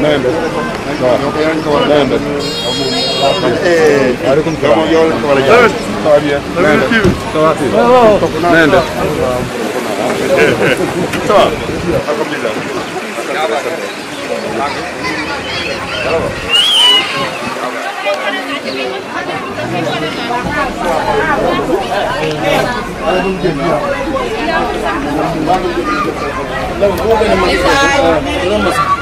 na ngeen def waaw na ngeen def. waaleykum salaam. na ngeen def. na ngeen def. ça va. alhamdulilah. Thank you.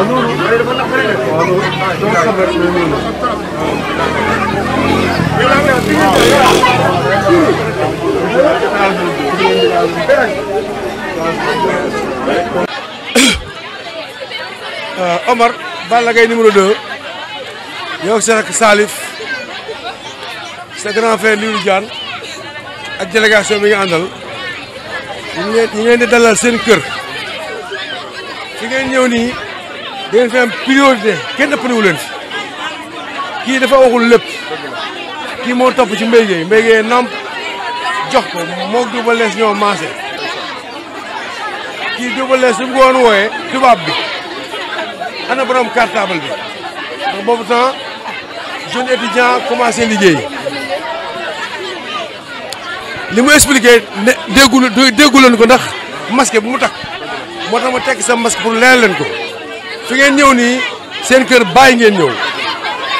Euh, Omar Balla Gaye numéro 2 yow sa rak Salif sa grand frère Lirou ak délégation bi nga àndal ñu ngi leen seen kër fi ngeen ñëw nii. dangeen fi am priorité kenn ëppaliwu leen kii dafa waxul lépp kii moo topp ci mbéy mi mbéy mi namp jox ko moo Double Less ñoo maase kii Double Less su mu ko tubaab bi ana borom cartable bi donc boobu temps jeune étudiant commencé liggéey li mu expliqué ne déggu déggu leen ko ndax masque bu mu takk moo tax ma tekk sa masque pour leer leen ko. fi ngeen ñëw nii seen kër bàyyi ngeen ñëw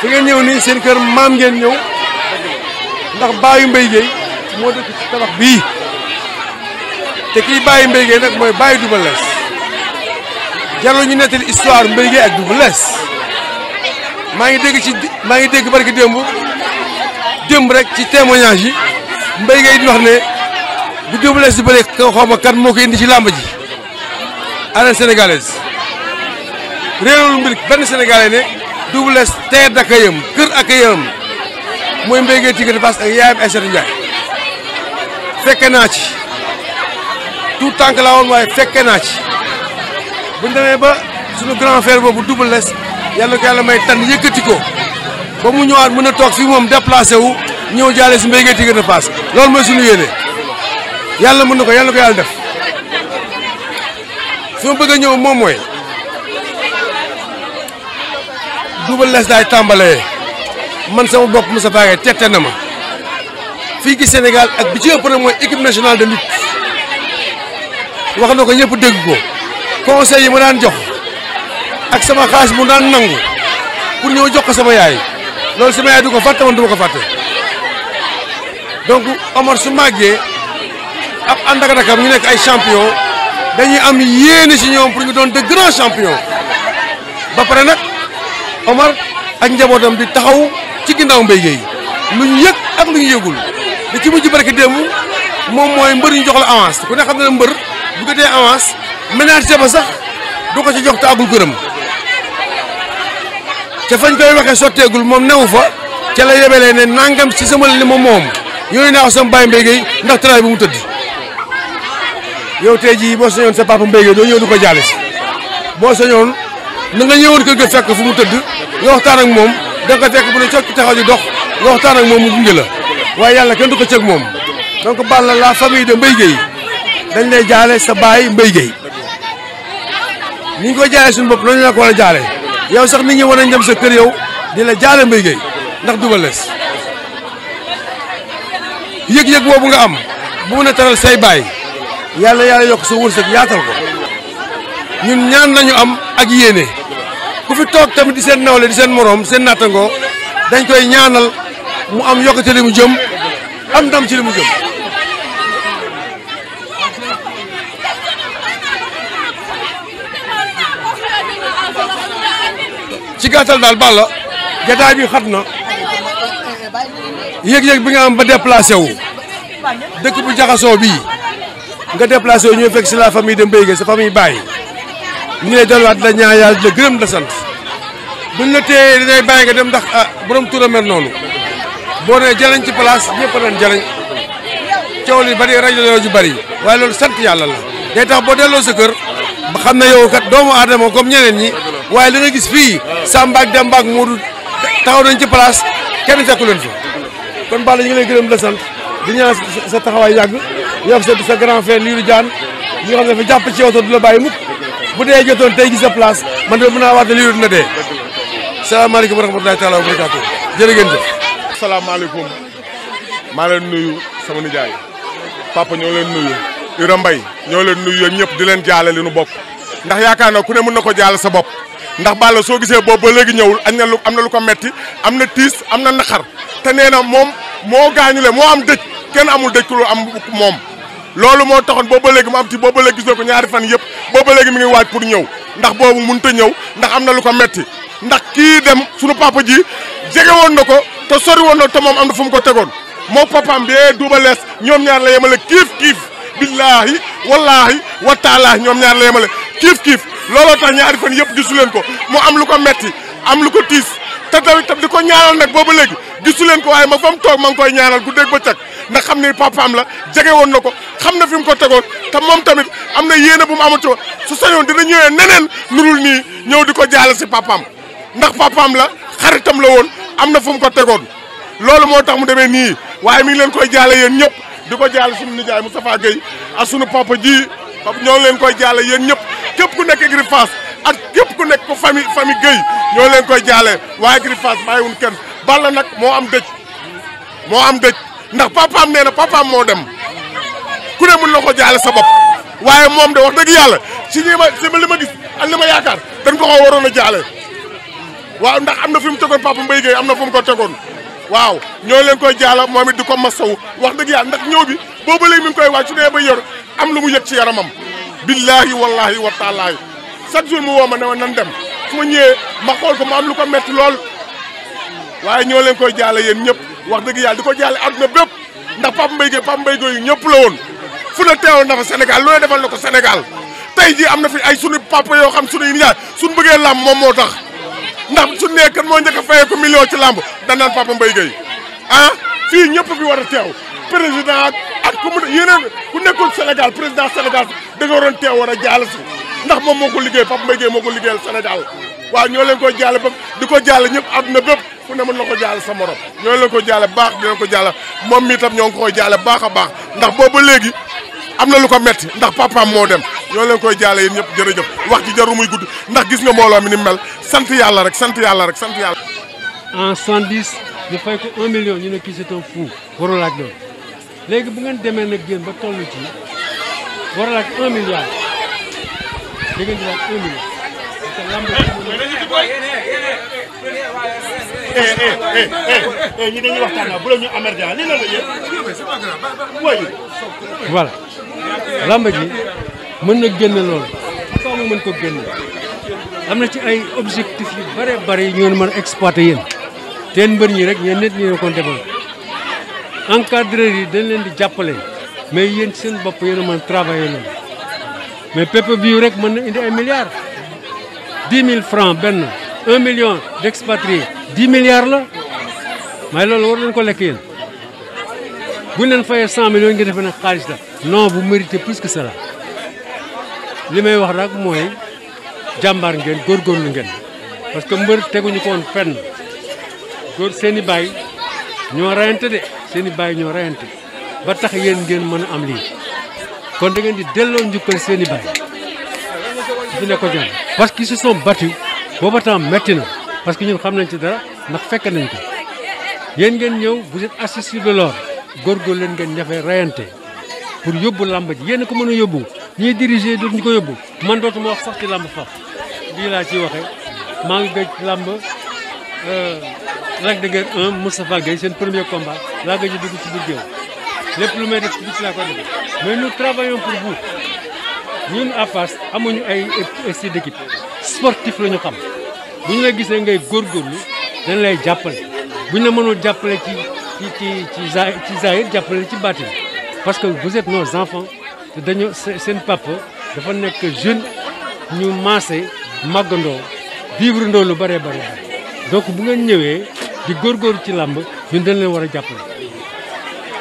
fi ngeen ñëw nii seen kër maam ngeen ñëw ndax baayu Mbaye Gueye moo dëkk ci tabax bii te kii baayu Mbaye Gueye nag mooy bàyyi Double Less jarul ñu nettali histoire Mbaye Gueye ak Double Less maa ngi dégg ci maa ngi dégg barki démb démb rek ci témoignage yi Mbaye Gueye di wax ne bu Double Less di bëre xaw ma moo ko indi ci làmb ji arène sénégalaise réerul mbir benn sénégalais ne Double Less terre d'accueil am kër accueil am mooy Mbaye Gueye Tické Fass ak yaayam Aïssatou Ndiaye fekke naa ci tout tànk laa woon waaye fekke naa ci bu ñu demee ba suñu grand boobu Double yàlla ko yàlla may tànn yëkkati ko ba mu ñëwaat mën a toog fii moom déplacé wu ñëw jaale si Mbaye Gueye Tické Fass loolu mooy suñu yéene yàlla mën na ko yàlla ko yàlla def fi ma bëgg a ñëw moom Double Less laay tàmbalee man sama bopp Moussa Faye tette na ma fii ci Sénégal ak bi ci ëpp nag mooy équipe nationale de lutte wax na ko ñëpp dégg ko conseil yi ma naan jox ak sama xaas mu daan nangu pour ñëw jox ko sama yaay loolu sama yaay du ko fàtte man du ma ko fàtte donc Omar su màggee ab ànd ak rakam ñu nekk ay champion dañuy am yéen si ñoom pour ñu doon de grands ba pare nag. Omar ak njabootam di taxaw ci ginnaaw Mbaye Guèye lu ñu yëg ak lu ñu yëgul li ci mujj barki démb moom mooy mbër ñu jox la avance ku ne xam ne mbër bu ko dee avance ménage ba sax du ko ci jox te agul këram ca fañ koy waxee sotteegul moom newu fa ca la yebelee ne nangam ci sama li ma moom yooyu naa ko sama bàyyi ndax tëraay bi mu tëdd yow tey jii boo sañoon sa papa Mbaye Guèye doo ñëw di ko jaale si boo sañoon na nga ñëwoon kër ga fu mu tëdd nga waxtaan ak moom da nga fekk bu ne cokk taxaw ji dox nga waxtaan moom mu gunge la waaye yàlla kenn du ko ceeg moom donc Balla la famille de Mbaye Gueye dañ lay jaale sa baay Mbaye Gueye koy jaale suñu bopp noonu la ko a jaale yow sax nit ñi war nañ dem sa kër yow di la jaale Mbaye ndax Double Less yëg-yëg boobu nga am bu mën a taral say baay yàlla yàlla yokk sa wërsëg yaatal ko ñun ñaan nañu am ak yéene ku fi toog tamit di seen nawle di seen moroom seen nattangoo dañ koy ñaanal mu am yokk li mu jëm am ndam ci li mu jëm ci daal Balla jataay bii xat na yëg-yëg bi nga am ba déplacé wu dëkk bu jaxasoo bii nga déplacé wu ñooy fekk si la famille de Mbaye Gueye sa famille ñu lay delluwaat da ñaan yàlla da gërëm da sant buñ la téye dañay bàyyi nga dem ndax ah borom turam mel noonu boo nee jëlañ ci place ñëpp a doon jëlañ coow li bari rajo la ju bari waaye loolu sant yàlla la day tax boo delloo sa kër xam ne yow kat doomu aadama comme ñeneen ñi waaye li nga gis fii Samba ak Demba ak Modou taxaw nañ ci place kenn fekku leen fa kon Balla ñu ngi gërëm la sant di ñaan sa taxawaay yàgg yow sa sa grand frère Lirou Diane ñi xam ne dafa jàpp ci yow du la bàyyi mukk bu dee jotoon tey gis sa man de bu naa waat lii dina dee. salaamaaleykum wa rahmatulahi taala wa barakaatu jërë ngeen jëf. salaamaaleykum maa leen nuyu sama nijaay papa ñoo leen nuyu Ira Mbaye ñoo leen nuyu yéen ñëpp di leen jaale li nu bokk ndax yaakaar na ku ne mën na ko jaale sa bopp. ndax Balla soo gisee boobu ba léegi ñëwul añ na lu am na lu ko metti am na tiis am na naqar te nee na moom moo gaañule moo am dëj kenn amul dëj ku am moom loolu moo taxoon booba léegi mu am ci booba léegi gisoo ñaari fan yëpp booba léegi mi ngi waaj pour ñëw ndax boobu mënut a ñëw ndax am na lu ko metti ndax kii dem sunu papa ji jege woon na ko te sori woon na te moom am na fu mu ko tegoon moo papaam bi eh, duuba lees ñoom ñaar la yemale kiif kiif billaahi wallaahi wa taalaahi ñoom ñaar la yemale kiif kiif looloo tax ñaari fan yëpp gisu leen ko mu am lu ko metti am lu ko tiis te tamit tam di ko ñaanal nag booba léegi gisu ko waaye ndax xam ni papaam la jege woon na ko xam na fi mu ko tegoon te moom tamit am na yéene bu mu amat ci su sañoon dina ñëwee neneen nurul nii ñëw di ko jaale si papaam ndax papam la xaritam la woon am na fu mu ko tegoon loolu moo tax mu demee nii waaye mii leen ko jaale yéen ñëpp di ko jaale suñu nijaay Moustapha Gueye ak suñu papa ji ñoo ngi leen koy jaale yéen ñëpp képp ku nekk Gris Fass ak képp ku nekk ko famille famille Gueye ñoo leen ko jaale waaye Gris Fass bàyyiwuñ kenn Balla nag moo am dëj moo am dëj ndax papaam nee na papaam moo dem ku ne mun na ko jaale sa bopp waaye moom de wax dëgg yàlla ci ñi ma ci ma li ma gis ak ma yaakaar dañ ko xaw waroon a jaale waaw ndax am na fi mu tegoon papa Mbaye Gueye am na fu mu ko tegoon waaw ñoo leen koy jaala moom it di ko masaw wax dëgg yàlla ndax ñëw bi booba léegi mi ngi koy wàcc su dee ba yor am lu mu yëg ci yaramam billaahi wallaahi wa taalaahi chaque jour mu woo ma ne ma nan dem su ma ñëwee ma xool ko ma am lu ko metti lool waaye leen koy jaala yéen ñëpp wax dëgg yàlla di ko jaale àdduna bépp ndax Pape Mbaye Gueye Pape Mbaye Gueye ñëpp la woon fu ne teewoon na fa looy defal na ko Sénégal tey jii am na fi ay sunu papa yoo xam sunu nijaay suñu bëggee làmb moom moo tax ndax su nekkan moo njëkk a fayee ko million ci làmb danaan Pape Mbaye Gueye ah fii ñëpp fi war a teew président ak ku mu ku nekkul Sénégal président Sénégal da nga teew war a jaal si ndax moom moo ko liggéey Pape Mbaye Gueye moo ko liggéeyal Sénégal waaw ñoo leen ko jàll ba di ko jàll ñëpp àdduna bépp fu ne mën na ko jàll samorom morom ñoo leen ko baax di leen ko jàll moom mi ñoo ngi koy jàll baax a baax ndax booba léegi am na lu ko metti ndax papaam moo dem ñoo leen koy jaale yéen ñëpp jërëjëf wax ci jaru muy ndax gis nga mbooloo mi ni mel sant yàlla rek sant yàlla rek sant yàlla. en 110 ñu fay ko 1 million ñu ne kii c'est un fou. warul ak loolu léegi bu ngeen demee nag yéen ba toll ci warul ak 1 milliard eh ñi dañuy waxtaan ñu amer daal làmb ji mën na génn loolu faaw mën ko génn am na ci ay objectif yu bare bare yi ngeen mën a exploité yéen teen mbën ñi rek yéen nit ñi ko defal encadreur yi dañ leen di jàppale mais yéen seen bopp yéen a mën travailler loolu mais PPV rek mën na indi ay milliards dix mille francs benn un million d'expatriés dix milliards la may loolu war leen ko lekk yéen bu ñu leen fayee cent ngi ngeen defe xaalis la non bu méritez plus que cela li may wax nag mooy jàmbaar ngeen góorgóorlu ngeen parce que mbër teguñu ko fenn góor seen i baay ñoo rayante de seen i baay ñoo rayante ba tax yéen ngeen mën a am lii kon de ngeen di delloo njukkal seen i baay fi nekkoon ñoom parce qu'ils se sont battus metti na parce que ñun xam nañ ci dara ndax fekk nañ ko yéen ngeen ñëw bu êtes assis sur de l'or góorgóorlu leen ngeen ñafe rayante pour yóbbu làmb ji yéen ko mën a yóbbu ñii diriger dootuñu ko yóbbu man dootuma wax sax ci làmb fa di laa ci waxe maa ngi gëj làmb euh, Lac de Guiers 1 Moustapha Gueye seen premier combat laa gëj a dugg ci biir lépp lu may def ci biir laa ko def mais nous travaillons pour vous ñun à Fass amuñu ay esprit d'équipe sportif la ñu xam bu ñu la gisee ngay góorgóorlu dañ lay jàppale bu ñu na mënul jàppale ci ci ci ci zahir jàppale ci baatin parce que vous êtes noo enfants te dañoo seen papa dafa nekk jeune ñu maase màggandoo vivre ndoo lu bëree bëri donc bu ngeen ñëwee di góor ci làmb ñun dañ leen war a jàppale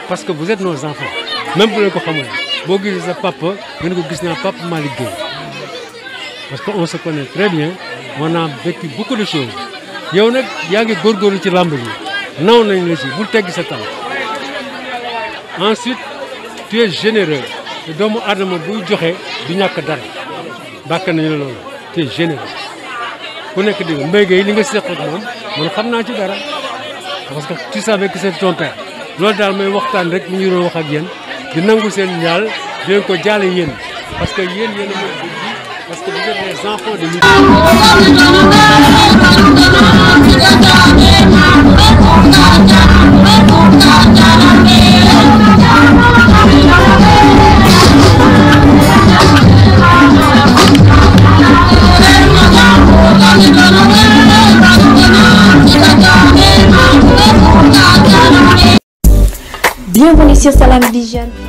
parce que vous êtes nos enfants même bu leen ko xamul. boo gisee sa papa gën ne ko gis naa papa Malick Gueye parce que on très bien on a vécu beaucoup de choses yow nag yaa ngi góorgóorlu ci làmb ji naw nañ la ci bul tegg sa tànk ensuite tu es généreux doomu aadama buy joxe du ñàkk dara bàkk nañu la loolu tu es généreux ku nekk di Mbaye Gueye li nga seq ak moom xam naa ci dara parce que tu savais que c'est ton loolu daal may waxtaan rek mu ngi doon wax ak yéen di nangu seen ñaal di leen ko jaale yéen parce que yéen yéen a moom parce que vous êtes les enfants de Midi sur di Vision